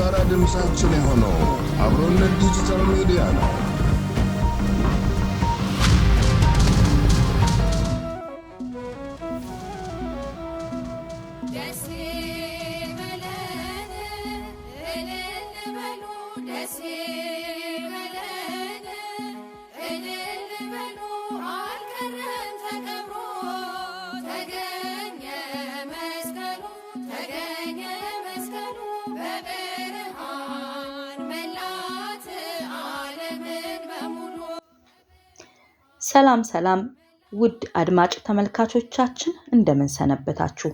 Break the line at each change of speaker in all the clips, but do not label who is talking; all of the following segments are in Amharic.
የጋራ ድምፃችን የሆነው አብሮነት ዲጂታል ሚዲያ ነው።
Baby. ሰላም ሰላም ውድ አድማጭ ተመልካቾቻችን እንደምን ሰነበታችሁ?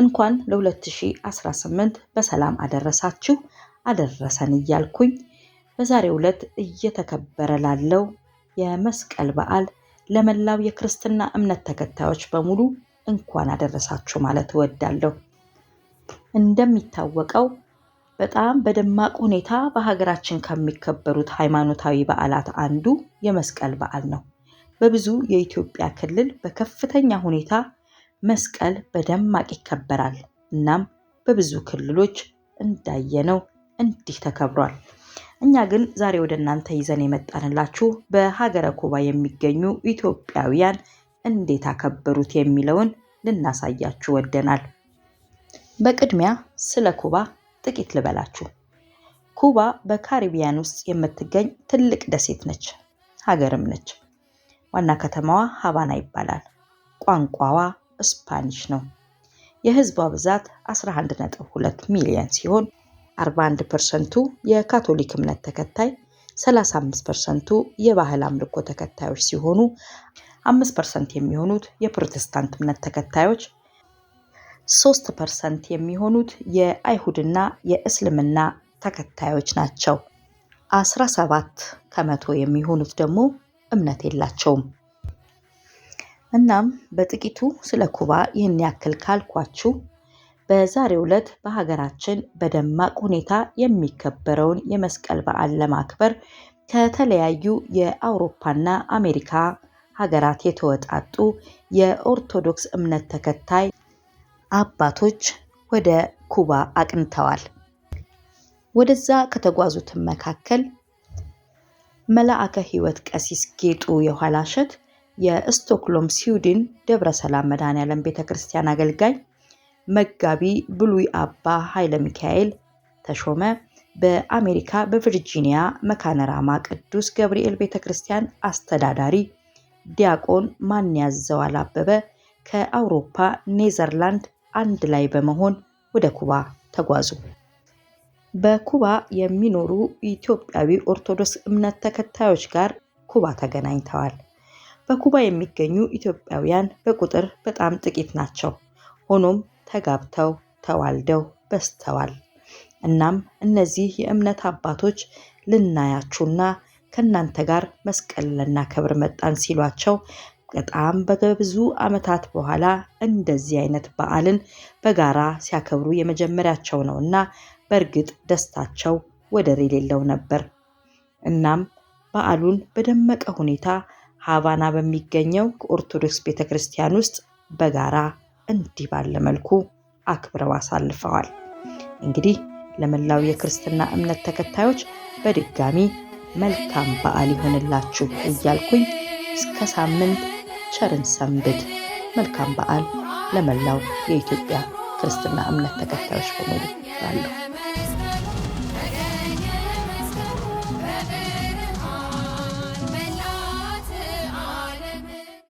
እንኳን ለ2018 በሰላም አደረሳችሁ አደረሰን እያልኩኝ በዛሬው ዕለት እየተከበረ ላለው የመስቀል በዓል ለመላው የክርስትና እምነት ተከታዮች በሙሉ እንኳን አደረሳችሁ ማለት እወዳለሁ። እንደሚታወቀው በጣም በደማቅ ሁኔታ በሀገራችን ከሚከበሩት ሃይማኖታዊ በዓላት አንዱ የመስቀል በዓል ነው። በብዙ የኢትዮጵያ ክልል በከፍተኛ ሁኔታ መስቀል በደማቅ ይከበራል። እናም በብዙ ክልሎች እንዳየነው እንዲህ ተከብሯል። እኛ ግን ዛሬ ወደ እናንተ ይዘን የመጣንላችሁ በሀገረ ኩባ የሚገኙ ኢትዮጵያውያን እንዴት አከበሩት የሚለውን ልናሳያችሁ ወደናል። በቅድሚያ ስለ ኩባ ጥቂት ልበላችሁ። ኩባ በካሪቢያን ውስጥ የምትገኝ ትልቅ ደሴት ነች፣ ሀገርም ነች። ዋና ከተማዋ ሃቫና ይባላል። ቋንቋዋ ስፓኒሽ ነው። የህዝቧ ብዛት 11.2 ሚሊዮን ሲሆን 41 ፐርሰንቱ የካቶሊክ እምነት ተከታይ፣ 35 ፐርሰንቱ የባህል አምልኮ ተከታዮች ሲሆኑ 5 ፐርሰንት የሚሆኑት የፕሮቴስታንት እምነት ተከታዮች፣ 3 ፐርሰንት የሚሆኑት የአይሁድና የእስልምና ተከታዮች ናቸው። 17 ከመቶ የሚሆኑት ደግሞ እምነት የላቸውም። እናም በጥቂቱ ስለ ኩባ ይህን ያክል ካልኳችሁ በዛሬው ዕለት በሀገራችን በደማቅ ሁኔታ የሚከበረውን የመስቀል በዓል ለማክበር ከተለያዩ የአውሮፓና አሜሪካ ሀገራት የተወጣጡ የኦርቶዶክስ እምነት ተከታይ አባቶች ወደ ኩባ አቅንተዋል። ወደዛ ከተጓዙትም መካከል መልአከ ሕይወት ቀሲስ ጌጡ የኋላሸት የስቶክሎም ስዊድን ደብረ ሰላም መድኃኔዓለም ቤተ ክርስቲያን አገልጋይ፣ መጋቢ ብሉይ አባ ኃይለ ሚካኤል ተሾመ በአሜሪካ በቨርጂኒያ መካነራማ ቅዱስ ገብርኤል ቤተ ክርስቲያን አስተዳዳሪ፣ ዲያቆን ማንያዘዋል አበበ ከአውሮፓ ኔዘርላንድ አንድ ላይ በመሆን ወደ ኩባ ተጓዙ። በኩባ የሚኖሩ ኢትዮጵያዊ ኦርቶዶክስ እምነት ተከታዮች ጋር ኩባ ተገናኝተዋል። በኩባ የሚገኙ ኢትዮጵያውያን በቁጥር በጣም ጥቂት ናቸው። ሆኖም ተጋብተው ተዋልደው በዝተዋል። እናም እነዚህ የእምነት አባቶች ልናያችሁና ከእናንተ ጋር መስቀል ልናከብር መጣን ሲሏቸው በጣም በብዙ ዓመታት በኋላ እንደዚህ አይነት በዓልን በጋራ ሲያከብሩ የመጀመሪያቸው እና በእርግጥ ደስታቸው ወደር የሌለው ነበር። እናም በዓሉን በደመቀ ሁኔታ ሃቫና በሚገኘው ከኦርቶዶክስ ቤተ ክርስቲያን ውስጥ በጋራ እንዲህ ባለ መልኩ አክብረው አሳልፈዋል። እንግዲህ ለመላው የክርስትና እምነት ተከታዮች በድጋሚ መልካም በዓል ይሆንላችሁ እያልኩኝ እስከ ሳምንት ቸርን ሰንብት። መልካም በዓል ለመላው የኢትዮጵያ ክርስትና እምነት ተከታዮች በሙሉ እላለሁ።